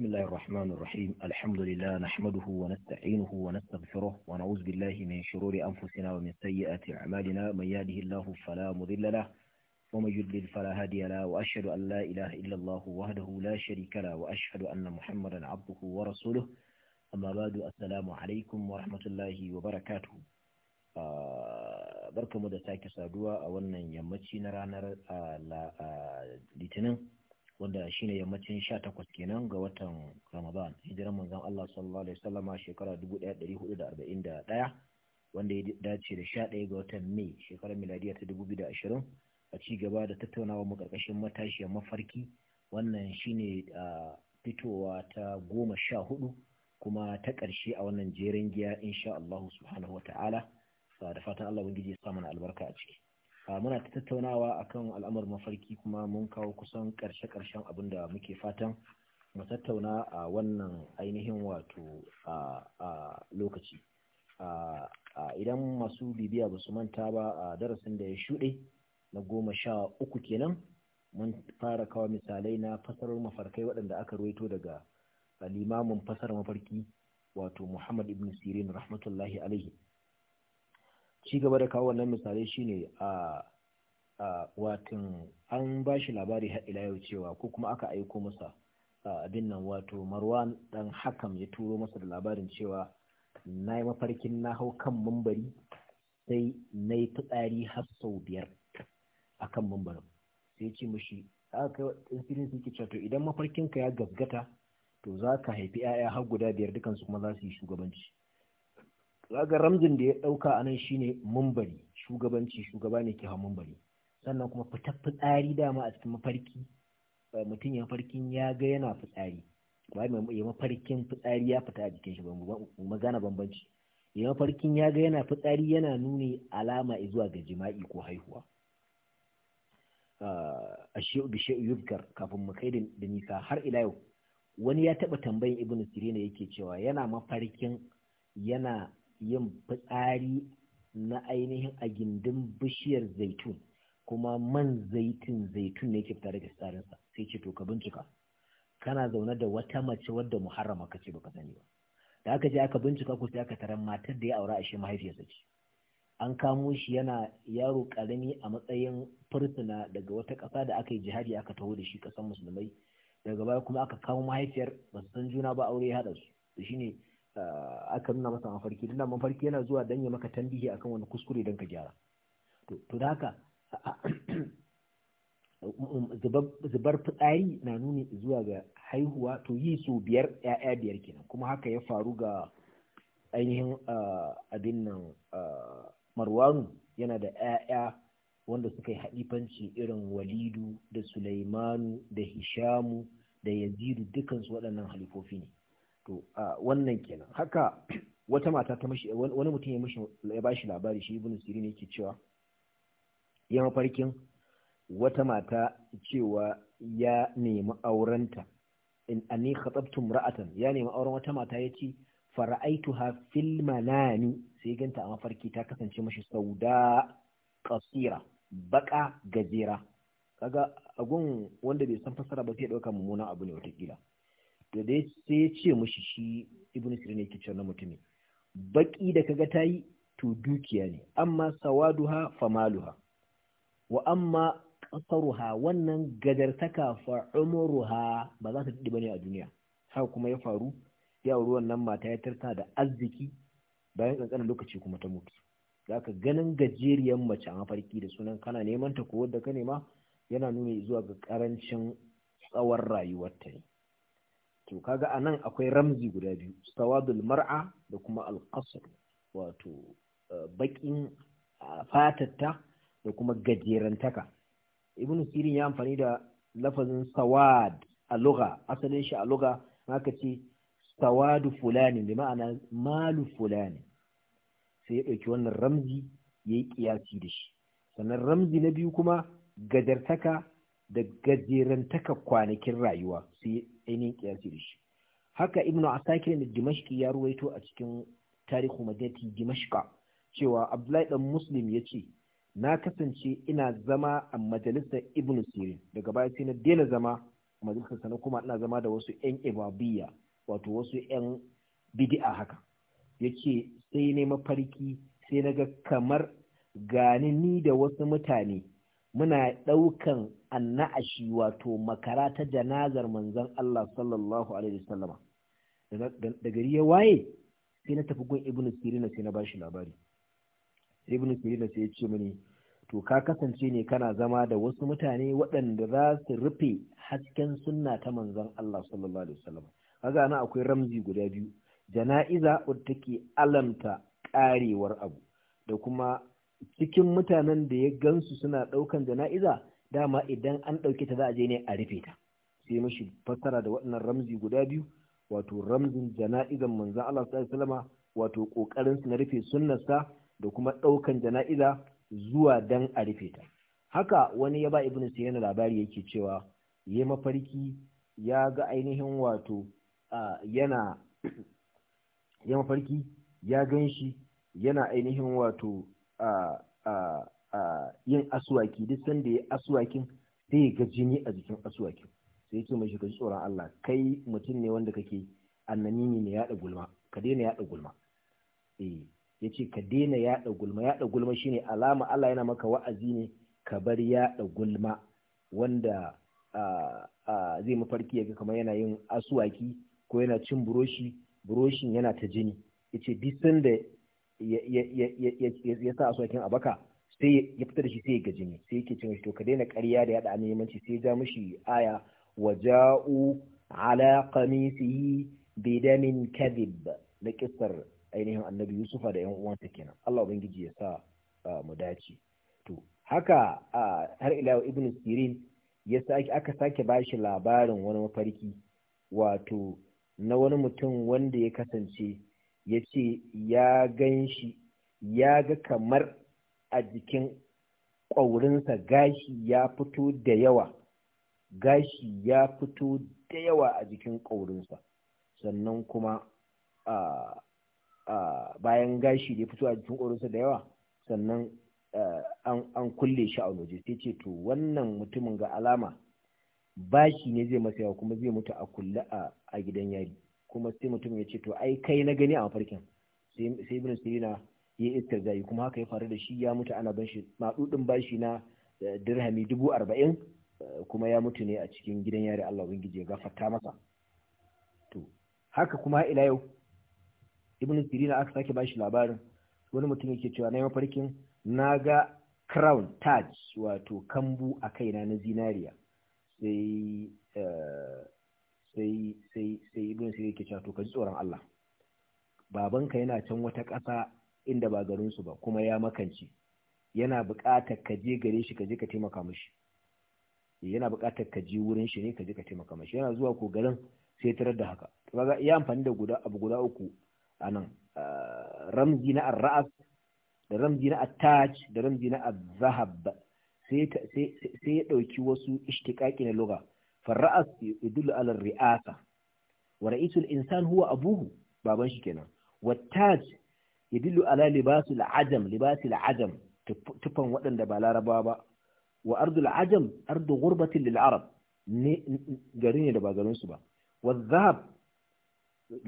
بسم الله الرحمن الرحيم الحمد لله نحمده ونستعينه ونستغفره ونعوذ بالله من شرور أنفسنا ومن سيئات أعمالنا من يهده الله فلا مضل له ومن يضلل فلا هادي له وأشهد أن لا إله إلا الله وحده لا شريك له وأشهد أن محمدا عبده ورسوله أما بعد السلام عليكم ورحمة الله وبركاته barkamu da sake saduwa a wannan yammaci na ranar litinin wanda shine yammacin sha takwas kenan ga watan Ramadan hijiran manzan Allah sallallahu alaihi wasallama shekara 1441 wanda ya dace da sha ɗaya ga watan Mai shekarar miladiya ta da 2020 a ci gaba da tattaunawa mu karkashin matashi mafarki wannan shine fitowa ta goma sha hudu kuma ta ƙarshe a wannan jerin giya insha Allah subhanahu wa ta'ala da fatan Allah ubangiji ya sa mana albarka a ciki Ah, muna ta tattaunawa akan al'amar mafarki kuma mun kawo kusan karshe-karshen abin da muke fatan mu tattauna a wannan ainihin wato a lokaci idan masu bibiya ba su manta ba a darasin da ya shuɗe na goma sha uku kenan mun fara kawo misalai na fasarar mafarkai waɗanda aka ruwaito daga limamin fasar mafarki wato muhammad ibn sirin rahmatullahi alaihi ci gaba da kawo wannan misali shine a watan an ba shi labari har ila yau cewa ko kuma aka aiko masa abin nan wato marwan dan hakam ya turo masa da labarin cewa na yi mafarkin na hau kan mambari sai na yi fitsari har sau biyar a kan mambarin sai ya ce mashi aka kai insulin suke cewa to idan ka ya gasgata to za ka haifi 'ya'ya har guda biyar dukansu kuma za su yi shugabanci ga ramjin da ya ɗauka a nan shine mumbari shugabanci shugaba ne ke hau mumbari sannan kuma fitar fitsari dama a cikin mafarki eh, mutum ya mafarkin ya ga yana fitsari ba ya mafarkin fitsari ya fita a jikin shi magana bambanci ya mafarkin ya ga yana fitsari yana nuni alama zuwa ga jima'i ko haihuwa ah, a shi'u da shi'u yuzkar kafin mu kai da nisa har ila yau wani ya taɓa tambayin Ibn sirina yake cewa yana mafarkin yana yin fitsari na ainihin a gindin bishiyar zaitun kuma man zaitun zaitun ne ke fita daga fitsarinsa sai ce to ka bincika kana zaune da wata mace wadda muharrama ka ce ba ka sani ba da aka je aka bincika ko sai aka taran matar da ya aura a shi mahaifiyarsa ce an kamo shi yana yaro karami a matsayin fursuna daga wata ƙasa da aka yi jihadi aka taho da shi ƙasar musulmai daga baya kuma aka kawo mahaifiyar ba san juna ba aure ya haɗa su shine Eh, aka nuna masa mafarki dan mafarki yana zuwa dan ya maka tambihi akan wani kuskure dan ka gyara to to da haka zubar fitsari na nuni zuwa ga haihuwa to yi su biyar ya'ya biyar kenan kuma haka ya faru ga ainihin eh, abin nan eh, marwanu yana da ya'ya wanda suka yi haɗifanci irin walidu da sulaimanu da hishamu da yazidu dukansu waɗannan halifofi ne to wannan kenan haka wata mata ta mashi wani mutum ya mashi ya bashi labari shi sirri sirin yake cewa ya mafarkin wata mata cewa ya nemi aurenta in anni khatabtu ra'atan ya nemi auren wata mata ya yace fara'aituha fil ni sai ganta a mafarki ta kasance mashi sauda qasira baka gajera kaga agun wanda bai san fasara ba sai dauka mummunan abu ne watakila da dai sai ya ce mushi shi ibn sirin yake cewa na mutumi baki da kaga tayi to dukiya ne amma sawaduha famaluha wa amma qasaruha wannan gadartaka fa umruha ba za ta ba ne a duniya haka kuma ya faru ya auri wannan mata ya tarta da arziki bayan kankanin lokaci kuma ta mutu zaka ganin gajeriyar mace a mafarki da sunan kana neman ta ko wanda ka nema yana nuni zuwa ga karancin tsawon rayuwarta ne to kaga anan akwai ramzi guda biyu sawadul mar'a da kuma alqasr wato eh, baƙin eh, fatatta da kuma gajerantaka ibnu sirin ya amfani da lafazin sawad a lugha asalin shi a Na haka ce sawadu fulani da ma'ana malu fulani sai ya ɗauki wannan ramzi ya yi ƙiyasi da shi sannan ramzi na biyu kuma gajartaka da gajerantaka kwanakin rayuwa ainihin kiyasi da shi haka ibnu asakir da dimashki ya ruwaito a cikin tarihu madinati dimashka cewa abdullahi dan muslim ya ce na kasance ina zama a majalisar ibnu sirin daga baya sai na daina zama a majalisar sana kuma ina zama da wasu yan ibabiyya wato wasu yan bid'a haka yace sai ne mafarki sai na ga kamar gani ni da wasu mutane muna ɗaukan anna'ashi wato makara ta janazar manzon Allah sallallahu alaihi wasallama da gari ya waye sai na tafi gun ibnu sirina sai na bashi labari ibnu sirina sai ya ce mini to ka kasance ne kana zama da wasu mutane waɗanda za su rufe hasken sunna ta manzon Allah sallallahu alaihi wasallama kaga nan akwai ramzi guda biyu jana'iza wadda take alamta karewar abu da kuma cikin mutanen da ya gansu suna ɗaukan jana'iza dama idan an ɗauke ta za a je ne a rufe ta sai mashi fassara da waɗannan ramzi guda biyu wato ramzin jana'izan manzan Allah sallallahu wato kokarin su na rufe sa da kuma ɗaukan jana'iza zuwa dan a rufe ta haka wani ya ba ibnu sirina labari yake cewa yayi mafarki ya ga ainihin wato yana ya mafarki ya gan shi yana ainihin wato yin asuwaki, duk sanda ya aswakin sai ga jini a jikin asuwakin sai ya ce mai shekaru tsoron Allah kai mutum ne wanda kake annani ne yaɗa gulma ka daina yaɗa gulma eh yace ka daina yaɗa gulma yaɗa gulma shine alama Allah yana maka wa'azi ne ka bar yaɗa gulma wanda zai mafarki ya ga kamar yana yin aswaki ko yana cin buroshi buroshin yana ta jini yace ce duk sanda ya sa asokin abaka sai ya fitar da shi sai ya gaji ne sai yake cewa to ka daina ƙarya da yada nemanci sai ja mishi aya wa ja'u ala qamisihi bi damin kadhib da kissar ainihin annabi yusufa da yan uwansa kenan Allah ubangiji ya sa ah, mu dace to haka ah, har ila ibn sirin ya sake aka sake bashi labarin wani mafarki wato na wani mutum wanda ya kasance ya ce ya gan shi ya ga kamar a jikin ƙwaurinsa gashi ya fito da yawa gashi ya fito da yawa a jikin ƙwaurinsa sannan kuma bayan gashi da ya fito a jikin ƙwaurinsa da yawa sannan an kulle shi a waje sai ce to wannan mutumin ga alama bashi ne zai masa yawa kuma zai mutu a kulle a gidan yari kuma sai mutum ya ce to ai kai na gani a mafarkin sai ibn sirina ya istirzayi kuma haka ya faru da shi ya mutu ana banshi shi bashi na eh, dirhami dubu arba'in eh, kuma ya mutu ne a cikin gidan yari Allah ubangiji ya gafarta masa to haka kuma ila yau ibn sirina aka sake bashi labarin wani mutum yake cewa na yi mafarkin na ga crown taj wato kambu a kaina na zinariya sai eh, sai sai sai ibn sirin ke cewa to ka ji tsoron Allah babanka yana can wata ƙasa inda ba garin su ba kuma ya makance yana buƙatar ka je gare shi ka je ka taimaka mishi eh, yana buƙatar ka je wurin shi ne ka je ka taimaka mishi yana zuwa ko garin sai tarar da haka kaga ya amfani da guda abu guda uku anan ramzi na ar-ra'as da ramzi na at-taj da ramzi na az-zahab sai sai sai ya dauki wasu ishtiqaqi na lugha farra'as yadullu ala ri'asa wa ra'isul insan huwa abuhu baban shi kenan wa taj yadullu ala libasul ajam tufan waɗanda ba larabawa ba wa ardun ajam ardu ghurbatin lil arab ne ne da ba garin su ba wa zahab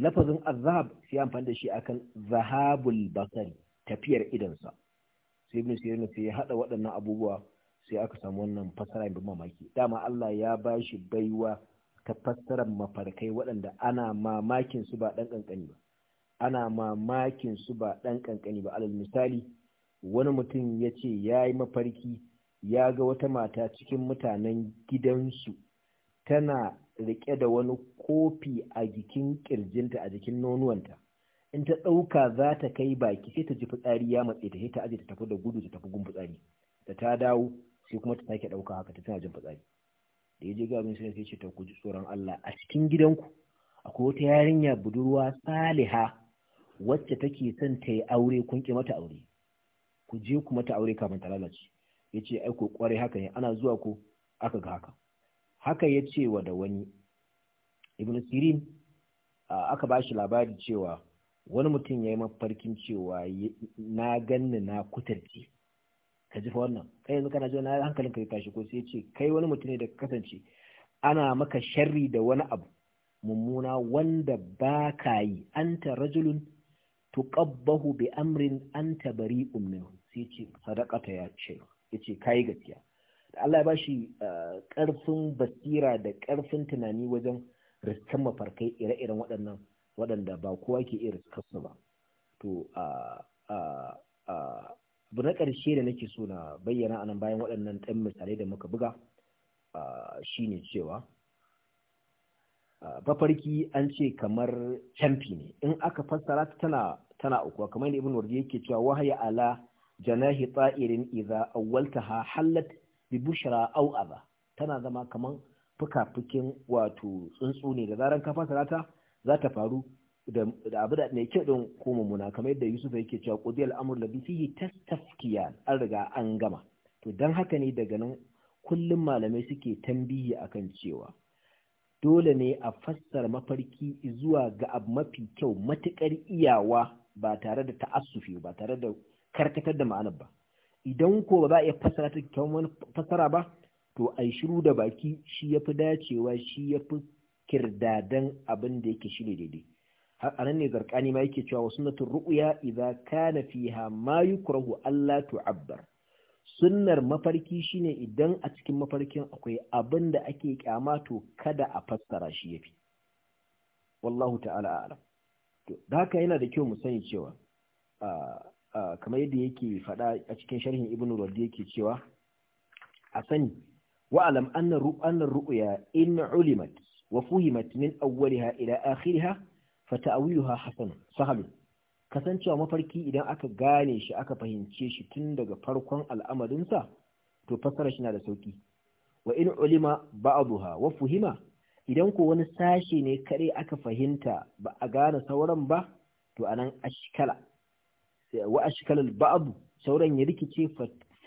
lafazin azhab sai amfani da shi akan zahabul basari tafiyar idansa sai ibn sirin sai ya hada waɗannan abubuwa sai aka samu wannan fassara mai mamaki dama Allah ya bashi baiwa ta fassarar mafarkai waɗanda ana mamakin su ba ɗan ƙanƙani ba ana mamakin su ba ɗan ƙanƙani ba alal misali wani mutum ya ce ya yi mafarki ya ga wata mata cikin mutanen gidansu tana rike da wani kofi a jikin ƙirjinta a jikin nonuwanta in ta ɗauka za ta kai baki sai ta ji fitsari ya matse ta sai ta aje ta tafi da gudu ta tafi gun fitsari da ta dawo sai kuma ta sake ɗauka haka ta tana jin fitsari da ya je ga abin sai ce ta ku ji tsoron Allah a cikin gidanku akwai wata yarinya budurwa saliha wacce take son ta yi aure kun ki mata aure ku je ku mata aure kafin ta lalace ya ce ai ku kware haka ne ana zuwa ku aka ga haka haka ya ce wa da wani ibn sirin aka ba shi labari cewa wani mutum ya yi mafarkin cewa na ganni na kutarci ka ji fa wannan kai yanzu kana jin hankalinka ya tashi ko sai ce kai wani mutum ne da kasance ana maka sharri da wani abu mummuna wanda ba ka yi anta rajulun tuqabbahu bi amrin anta bari'un minhu sai ce sadaqata ya ce yace kai gaskiya Allah ya bashi karfin eh, basira da karfin tunani wajen riskan mafarkai ire-iren waɗannan waɗanda ba kowa ke iya riskarsu ba to a ah, ah, ah, abu na ƙarshe da nake so na bayyana anan bayan waɗannan ɗan misalai da muka buga shine cewa bafarki an ce kamar camfi ne in aka fassara tana tana uku kamar yadda ibn wardi yake cewa wahaya ala janahi ta'irin idza awwaltaha hallat bi bushra aw adha tana zama kamar fukafukin wato tsuntsu ne da zaran ka fassara ta za ta faru da abu da mai kyau din ko mummuna kamar yadda Yusuf yake cewa qudiyal amru ladhi fihi tastafkiya an riga an gama to dan haka ne daga nan kullum malamai suke tambiyi akan cewa dole ne a fassara mafarki zuwa ga abu mafi kyau matukar iyawa ba tare da ta'assufi ba tare da karkatar da ma'anar ba idan ko ba za a iya fassara ta kyawun fassara ba to ai shiru da baki shi yafi dacewa shi yafi kirdadan abin da yake shine daidai a nan ne zarkani ma yake cewa sunnatul ru'uya idan kana fiha ma yukrahu alla tu'abbar sunnar mafarki shine idan a cikin mafarkin akwai abin da ake kyama to kada a fassara shi yafi wallahu ta'ala a'lam to da haka yana da kyau mu sani cewa kamar yadda yake faɗa a cikin sharhin ibnu rudd yake cewa a sani wa'alam anna ru'ya in ulimat wa fuhimat min awwaliha ila akhiriha fata'awiluha hasanun sahalun kasancewa mafarki idan aka gane shi aka fahimce shi tun daga farkon al'amarinsa to fassara shi na da sauki wa in ulima ba'daha wa fuhima idan ko wani sashe ne kare aka fahimta ba a gane sauran ba to anan ashkala wa ashkalal ba'd sauran ya rikice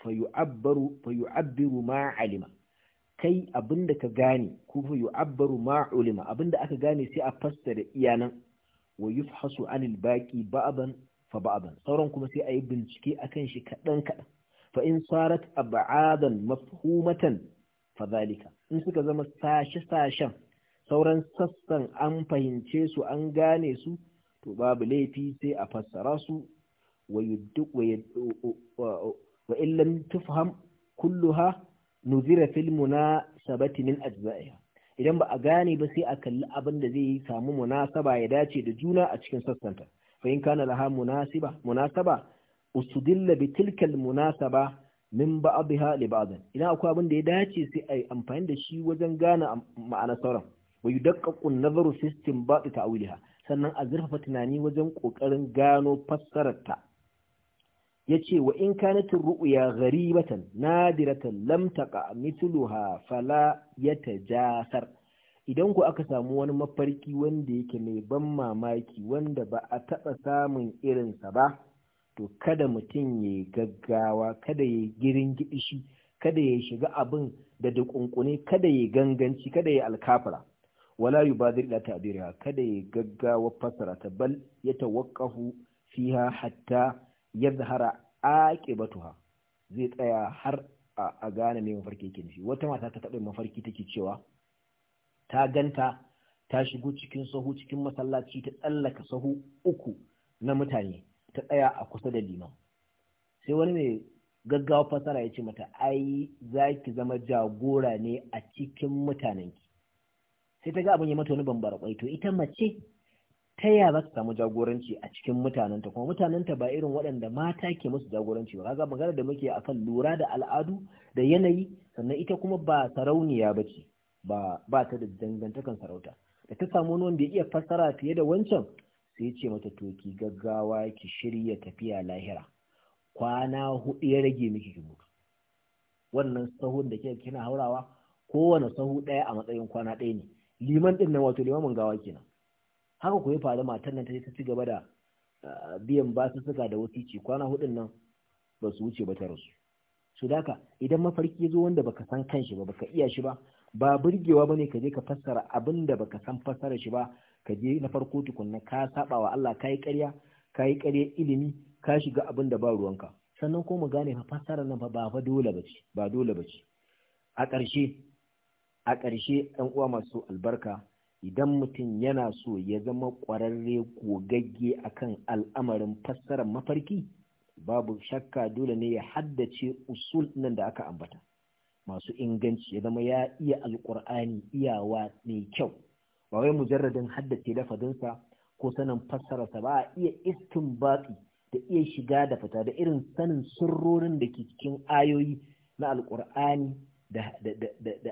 fa yu'abbaru fa yu'abbiru ma alima kai abinda ka gane ko fa yu'abbaru ma ulima abinda aka gane sai a fassara iyanan wa yufhasu anil baqi ba'dan fa ba'dan sauran kuma sai ayi bincike akan shi kadan kadan fa in sarat ab'adan mafhumatan fa zalika in suka zama sashi sashen sauran sassan an fahimce su an gane su to babu laifi sai a fassara su wa in lam tufham kulluha nuzira fil munasabati min ajza'iha idan ba a gane ba sai a kalli abin da zai samu munasaba ya dace da juna a cikin sassanta fa in kana laha munasiba munasaba usudilla bi tilkal munasaba min ba'dha li ba'd idan akwai abin da ya dace sai ai amfani da shi wajen gane ma'anar sauran wa yudaqqaqu an-nazaru fi istinbat ta'wilha sannan a zurfafa tunani wajen kokarin gano fassarar ta Ya ce wa in kanat ru'uya gharibatan nadiratan lam taqa mithluha fala yatajasar idan ku aka samu wani mafarki wanda yake mai ban mamaki wanda ba a taɓa samun irinsa ba to kada mutum ya gaggawa kada ya girin shi, kada ya shiga abin da dukunkune kada ya ganganci kada ya alkafara wala yubadir ila tadira kada ya gaggawa fasara ta bal ya tawaqqafu fiha hatta ake aqibatuha zai tsaya har a gane mai mafarki yake nufi wata mata ta taɓa mafarki take cewa ta ganta ta shigo cikin sahu cikin masallaci ta tsallaka sahu uku na mutane ta tsaya a kusa da liman sai wani mai gaggawa fasara ya ce mata ai za ki zama jagora ne a cikin mutanenki sai ta ga abin ya mata wani bambara kwai to ita mace ta yaya za ta samu jagoranci a cikin mutanenta kuma mutanenta ba irin waɗanda mata ke musu jagoranci ba kaga magana da muke a kan lura da al'adu da yanayi sannan ita kuma ba sarauniya ba ce ba ta da dangantakan sarauta da ta samu wani wanda ya iya fassara fiye da wancan sai ce mata to ki gaggawa ki shirya tafiya lahira kwana hudu ya rage miki ki mutu wannan sahun da kina haurawa kowane sahu ɗaya a matsayin kwana ɗaya ne liman ɗin nan wato liman gawa kenan haka ku ya faru matar nan ta ta ci gaba da biyan basussuka da wasici kwana hudun nan ba su wuce ba ta rasu su daka idan mafarki ya zo wanda baka san kan shi ba baka iya shi ba ba burgewa ne ka je ka fassara abin da baka san fassara shi ba ka je na farko tukunna ka saba wa Allah yi ƙarya yi ƙarya ilimi ka shiga abin da ba ruwanka sannan ko mu gane fa fassara nan ba fa dole bace ba dole a ƙarshe a ƙarshe ɗan uwa masu albarka idan mutum yana so ya zama ƙwararre gogagge akan al'amarin fassarar mafarki babu shakka dole ne ya haddace usul nan da aka ambata masu inganci ya zama ya iya alƙur'ani iyawa mai kyau ba wai mujarradin haddace lafazinsa ko sanin fassararsa ba a iya iskin batsi da iya shiga da fita da irin sanin sirrorin da ke cikin ayoyi na alƙur'ani da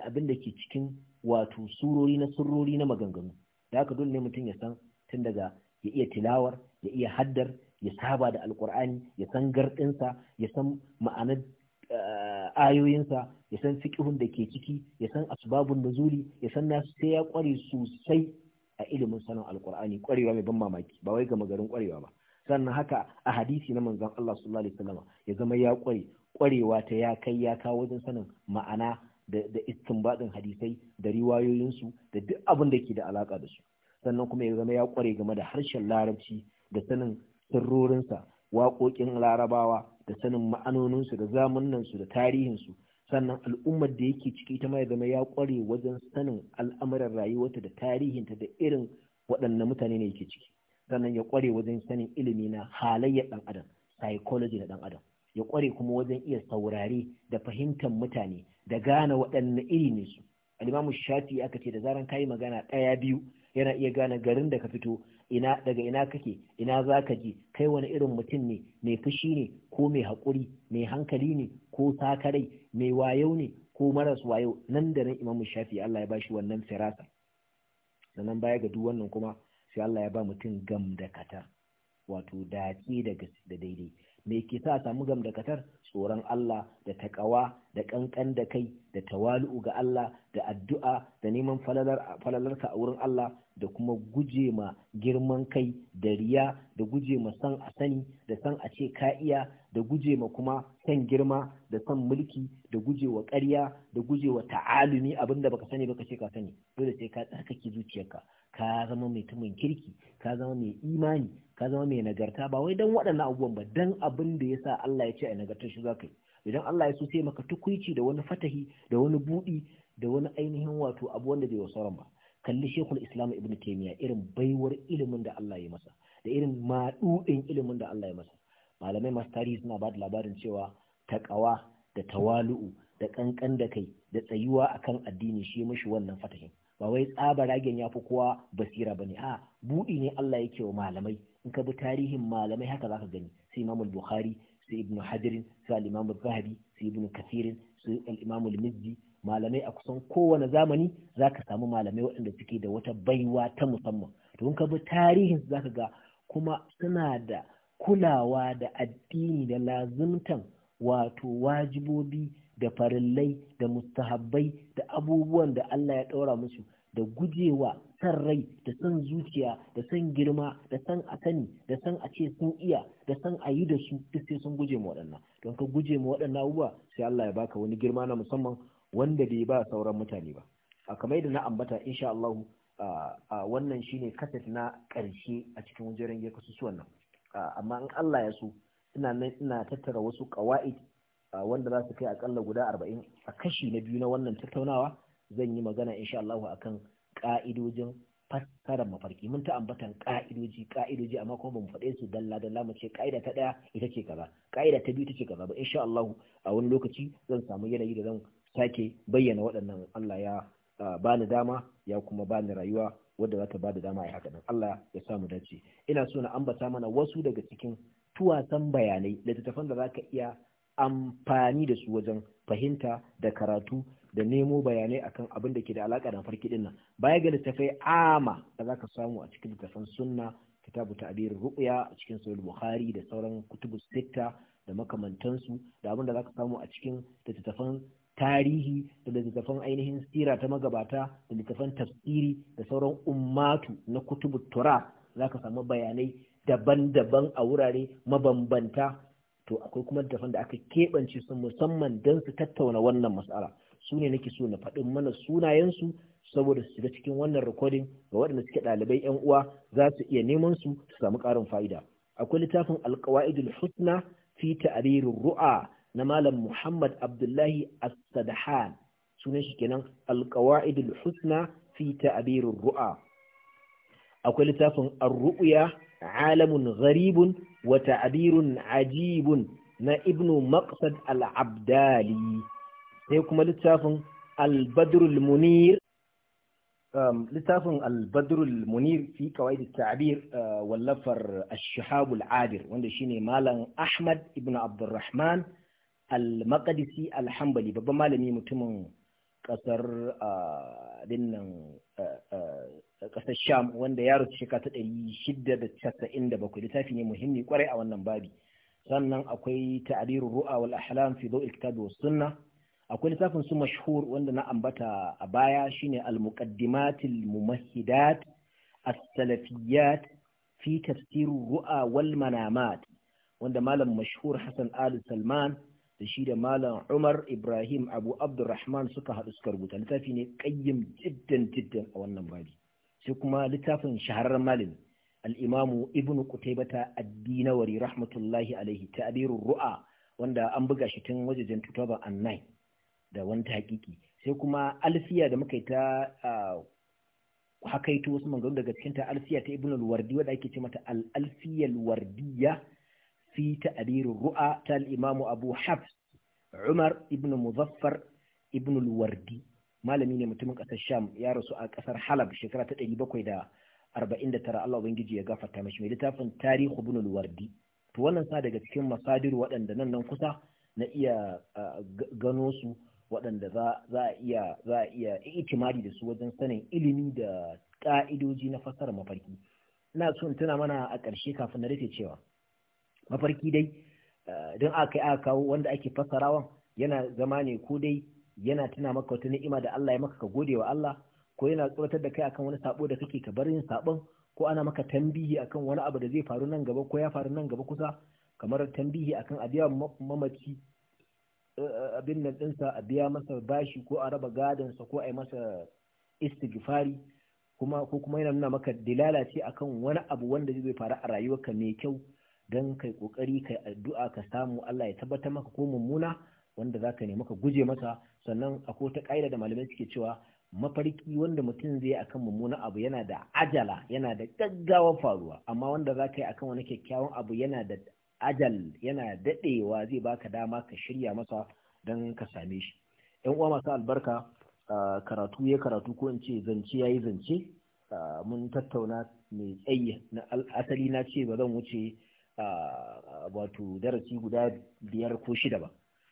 abin da ke cikin wato surori na surori na maganganu da haka dole ne mutum ya san tun daga ya iya tilawar ya iya haddar ya saba da alkur'ani ya san gardinsa ya san ma'anar eh, ayoyinsa ya san fiqhun da ke ciki ya san asbabun nuzuli ya san nasu sai ya kware sosai a ilimin sanin alkur'ani kwarewa mai ban mamaki ba wai gama garin kwarewa ba sannan haka a hadisi na manzon Allah sallallahu alaihi wasallam ya zama ya kware ƙwarewa ta ya kai ya kawo wajen sanin ma'ana da istinbadin hadisai da riwayoyinsu da duk abin da ke da alaka da su sannan kuma ya zama ya kware game da harshen larabci da sanin sirrorinsa waƙoƙin larabawa da sanin ma'anoninsu da zamanansu da tarihinsu sannan al'ummar da yake ciki ta ma ya zama ya kware wajen sanin al'amuran rayuwarta da tarihinta da irin waɗannan mutane ne yake ciki sannan ya kware wajen sanin ilimi na halayyar ɗan adam psychology na ɗan adam ya kware kuma wajen iya saurare da fahimtar mutane da gane waɗanne iri ne su alimamu shafi aka ce da zaran kayi magana ɗaya biyu yana iya gane garin da ka fito ina daga ina kake ina za ka je kai wani irin mutum ne mai fushi ne ko mai haƙuri mai hankali ne ko sakarai mai wayo ne ko maras wayo nan da nan imamu shafi Allah ya bashi wannan firasa sannan baya ga duk wannan kuma sai Allah ya ba mutum gam da katar wato dace da daidai me ke sa samu gam da katar tsoron Allah da taƙawa da ƙanƙan da kai da tawali'u ga Allah da addu'a da neman falalarka a wurin Allah da kuma guje ma girman kai da riya da guje ma san a sani da san a ce ka'iya, da guje ma kuma san girma da san mulki da guje wa ƙarya da guje wa ta'alumi abinda baka sani baka ce ka sani dole sai ka tsarkake zuciyarka ka zama mai tumin kirki ka zama mai imani ka zama mai nagarta ba wai don waɗannan abubuwan ba don abin da ya sa Allah ya ce a nagartar shi za ka yi idan Allah ya so sai maka tukuici da wani fatahi da wani buɗi da wani ainihin wato abu wanda bai wasu ba kalli shekul islam ibn taimiya irin baiwar ilimin da Allah ya masa da irin maɗuɗin ilimin da Allah ya masa malamai masu tarihi suna ba da labarin cewa ƙawa da tawalu'u da ƙanƙan da kai da tsayuwa akan addini shi mashi wannan fatahin ba wai tsaba ragen ya fi kowa basira ba ne a buɗi ne Allah yake wa malamai in ka bi tarihin malamai haka zaka gani sai imamul bukhari Sai ibnu hajarin su al zahabi su ibnu kasirin su al-imamu malamai a kusan kowane zamani za ka samu malamai waɗanda suke da wata baiwa ta musamman to in ka bi tarihin za ka ga kuma suna da kulawa da addini da lazumtan wato wajibobi da farillai da mustahabbai da abubuwan da Allah ya ɗaura musu da gujewa san rai da san zuciya da san girma da san a sani da san a ce sun iya da san a yi da su duk sai sun guje ma waɗannan don ka guje ma waɗannan abubuwa sai Allah ya baka wani girma na musamman wanda bai ba sauran mutane ba a kamar da na ambata insha Allah a wannan shine kaset na ƙarshe a cikin wajen ya kasusuwan nan amma in Allah ya so ina ina tattara wasu qawaid wanda za su kai akalla guda 40 a kashi na biyu na wannan tattaunawa zan yi magana insha Allah akan ƙa'idojin fassarar mafarki mun ta ambatan ka'idoji-ka'idoji. amma kuma bamu faɗe su dalla dalla mu ce ƙa'ida ta ɗaya ita ce kaza ƙa'ida ta biyu ita ce kaza ba insha Allah a wani lokaci zan samu yanayi da zan sake bayyana waɗannan Allah ya bani dama ya kuma bani rayuwa wadda zata ta bada dama ya haka nan Allah ya samu dace ina so na ambata mana wasu daga cikin tuwasan bayanai littattafan da za ka iya amfani da su wajen fahimta da karatu da nemo bayanai akan abin da ke da alaka da farki din nan baya ga littafai ama da ka samu a cikin littafan sunna kitabu ta'bir ru'ya a cikin sahih bukhari da sauran kutubu sitta da makamantansu da abin da ka samu a cikin littafan tarihi da littafan ainihin sira ta magabata da littafan tafsiri da sauran ummatu na kutubu tura ka samu bayanai daban-daban a wurare mabambanta to akwai kuma littafan da aka keɓance su musamman don su tattauna wannan mas'ala su ne nake so na faɗin mana sunayensu saboda su shiga cikin wannan recording ga waɗanda suke ɗalibai yan uwa za su iya neman su su samu ƙarin fa'ida akwai littafin alqawaidul husna fi ta'rir ru'a na malam Muhammad Abdullahi As-Sadhan sunan shi kenan alqawaidul husna fi ta'rir ru'a akwai littafin ar-ru'ya alamun gharibun wa ta'birun ajibun na ibnu maqsad al-abdali sai kuma littafin albadrul munir um, littafin albadrul munir fi kawai da ta'abir uh, wallafar ashahabul adir wanda shine malam ahmad ibn abdurrahman al-maqdisi al babban malami mutumin kasar dinnan uh, kasar uh, sham wanda ya rasu shekara ta ɗari shida da casa'in da bakwai littafi ne muhimmi kwarai a wannan babi sannan akwai ta'arirun ru'a wal ahlam fi dawil kitabi was sunnah akwai littafin su mashhur wanda na ambata a baya shine al-muqaddimatil mumahidat as-salafiyyat fi tafsir ru'a wal manamat wanda malam mashhur Hassan Ali Salman da shi da malam Umar Ibrahim Abu Abdurrahman suka haɗu suka rubuta littafi ne qayyim jiddan jiddan a wannan babi sai kuma littafin shahararren malam al-Imam Ibn Qutaybah ad rahmatullahi alaihi ta'birur ru'a wanda an buga shi tun wajejen 2009 da wani taƙiƙi sai kuma alfiya da muka yi ta hakaito wasu maganganu daga cikin ta alfiya ta ibn al wadda ake ce mata al-alfiya alwardiya fi ta'rir ru'a ta al abu hafs umar ibn muzaffar ibn alwardi malami ne mutumin ƙasar sham ya rasu a ƙasar halab shekara ta ɗari da 749 Allah ubangiji ya gafarta mashi mai littafin tarihu ibn alwardi to wannan sa daga cikin masadiru waɗanda nan nan kusa na iya gano su waɗanda za a iya za a iya itimadi da su wajen sanin ilimi da ƙa'idoji na fassara mafarki ina son tuna mana a ƙarshe kafin na rufe cewa mafarki dai eh, don aka aka kawo wanda ake fassarawa yana zama ne ko dai yana tuna maka wata ni'ima da Allah ya maka ka gode wa Allah ko yana tsoratar da kai akan wani sabo da kake ka bar yin sabon ko ana maka tambihi akan wani abu da zai faru nan gaba ko ya faru nan gaba kusa kamar tambihi akan adiya mamaci Eh, abin nan ɗinsa a biya masa bashi ko a raba gadon sa ko a yi masa istighfari kuma ko kuma yana nuna maka dilala ce akan wani abu wanda zai faru a rayuwarka mai kyau don kai kokari kai addu'a ka samu Allah ya tabbatar maka ko mummuna wanda zaka nemi ka guje masa sannan akwai ta ƙa'ida da malamai suke cewa mafarki wanda mutum zai akan mummuna abu yana da ajala yana da gaggawa faruwa amma wanda za ka yi akan wani kyakkyawan abu yana da ajal yana dadewa zai baka dama ka shirya masa don ka same shi yan uwa masu albarka karatu ya karatu ko in ce zance yayi zance mun tattauna mai tsayi na asali na ce ba zan wuce wato darasi guda biyar ko shida ba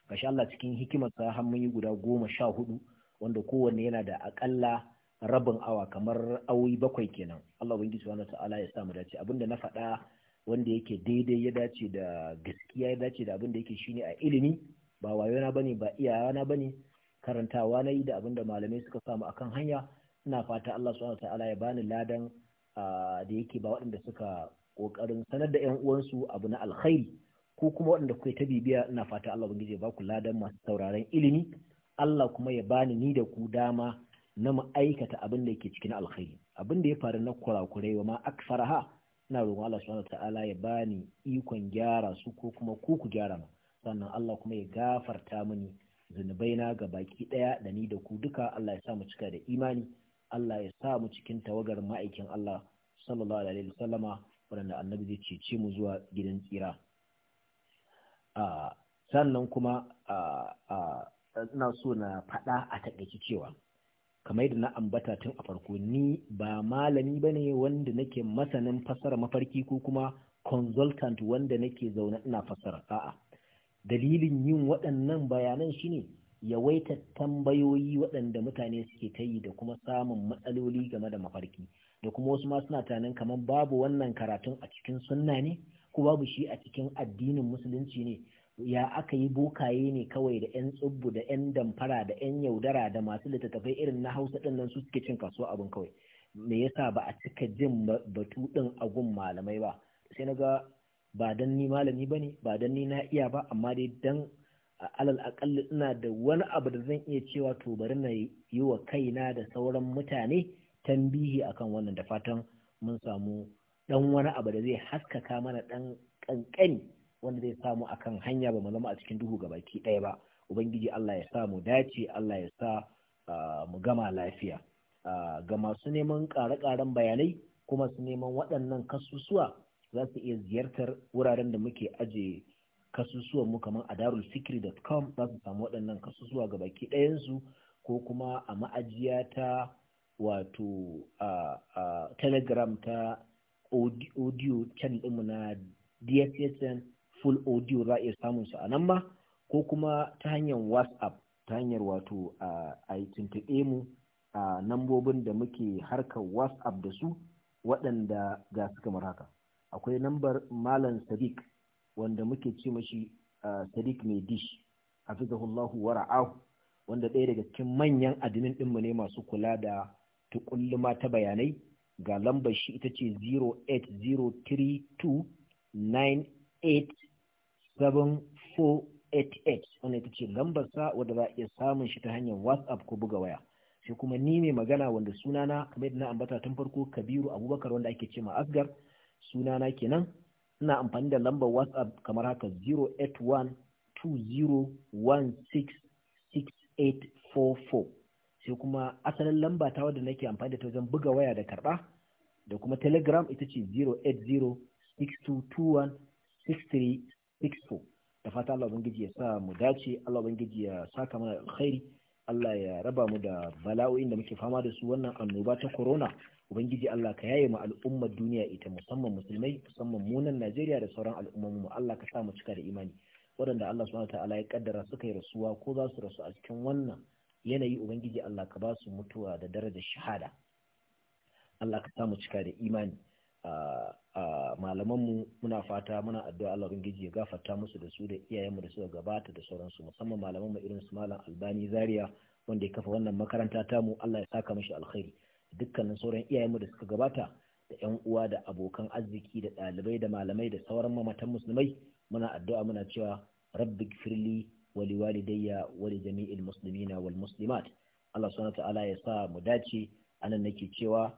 masha Allah cikin hikimarsa har mun yi guda goma sha hudu wanda kowanne yana da akalla rabin awa kamar awi bakwai kenan Allah ubangiji subhanahu ta'ala ya samu mu dace abinda na faɗa wanda yake daidai ya dace da gaskiya ya dace da abin da yake shine a ilimi ba wayona bane ba iyayana bane karantawa na yi da abin da malamai suka samu akan hanya ina fata Allah subhanahu ta'ala ya bani ladan da yake ba waɗanda suka kokarin sanar da ƴan uwansu abu na alkhairi ko kuma waɗanda kuke ta bibiya ina fata Allah ubangiji ya ba ku ladan masu sauraron ilimi Allah kuma ya bani ni da ku dama na mu aikata abin da yake cikin alkhairi abin da ya faru na kurakurai wa ma aksaraha ina roƙon Allah subhanahu ta'ala ya bani ikon gyara su ko kuma ku ku gyara mu sannan Allah kuma ya gafarta mini na ga baki daya da ni da ku duka Allah ya sa mu cika da imani Allah ya sa mu cikin tawagar ma'aikin Allah sallallahu alaihi wasallama wanda annabi zai cece mu zuwa gidan tsira sannan kuma ina so na faɗa a taƙaice cewa kamar yadda na ambata tun a farko ni ba malami ba ne wanda nake masanin fassara mafarki ko kuma consultant wanda nake zaune ina fassara a'a dalilin yin waɗannan bayanan shine yawaitar tambayoyi waɗanda mutane suke ta yi da kuma samun matsaloli game da mafarki da kuma wasu ma suna tunanin kamar babu wannan karatun a cikin sunna ne ko babu shi a cikin addinin musulunci ne ya aka yi bokaye ne kawai da 'yan tsubbu da 'yan damfara da 'yan yaudara da masu littattafai irin na hausa ɗin nan su suke cin kasuwa abin kawai me yasa ba a cika jin batu ɗin a gun malamai ba sai na ga ba dan ni malami ba ne ba dan ni na iya ba amma dai dan alal akalli ina da wani abu da zan iya cewa to bari na yi wa kaina da sauran mutane tambihi akan wannan da fatan mun samu dan wani abu da zai haskaka mana dan kankani wanda zai samu akan hanya ba mu zama a cikin duhu gabaki ɗaya ba ubangiji Allah ya sa mu dace Allah ya sa mu gama lafiya ga masu neman ƙare-ƙaren bayanai kuma su neman waɗannan kasusuwa za su iya ziyartar wuraren da muke aje kasusuwan mu kamar a com za su samu waɗannan kasusuwa ga baki ɗayansu ko kuma a ma'ajiya ta wato a telegram ta audio channel ɗinmu na DSSN full audio za a iya samun su a nan ma ko kuma ta hanyar whatsapp ta hanyar wato a tuntuɓe mu a nambobin da muke harkar whatsapp da su waɗanda ga su kamar haka akwai nambar malam sadiq wanda muke ce mashi sadiq mai dish hafizahullahu wa ra'ahu wanda ɗaya daga cikin manyan adinin ɗinmu ne masu kula da tukulluma ta bayanai ga lambar shi ita ce 08032 7488 wanda ita ce lambarsa wadda za a iya samun shi ta hanyar whatsapp ko buga waya sai kuma ni mai magana wanda sunana kamar na ambata tun farko kabiru abubakar wanda ake ce ma asgar sunana kenan ina amfani da lambar whatsapp kamar haka 08120166844 sai kuma asalin lamba ta wadda nake amfani da ta wajen buga waya da karba da kuma telegram ita ce 6 da fata Allah ubangiji ya sa mu dace Allah ubangiji ya saka mana alkhairi Allah ya raba mu da bala'o'in da muke fama da su wannan annoba ta corona ubangiji Allah ka yaye mu al'ummar duniya ita musamman musulmai musamman mu nan Najeriya da sauran al'ummomi mu Allah ka sa mu cika da imani waɗanda Allah subhanahu ta'ala ya kaddara suka yi rasuwa ko za su rasu a cikin wannan yanayi ubangiji Allah ka ba su mutuwa da darajar shahada Allah ka sa mu cika da imani ah, malamanmu muna fata muna addu'a Allah ubangiji ya gafarta musu da su da iyayenmu da suka gabata da sauransu musamman malamanmu irin su malam Albani Zaria wanda ya kafa wannan makaranta mu, Allah ya saka mishi alkhairi dukkanin sauran mu da suka gabata da ƴan uwa da abokan arziki da ɗalibai da malamai da sauran mamatan musulmai muna addu'a muna cewa rabbi firli wali liwalidayya wa li jami'il muslimina wal muslimat Allah subhanahu wa ta'ala ya sa mu dace anan nake cewa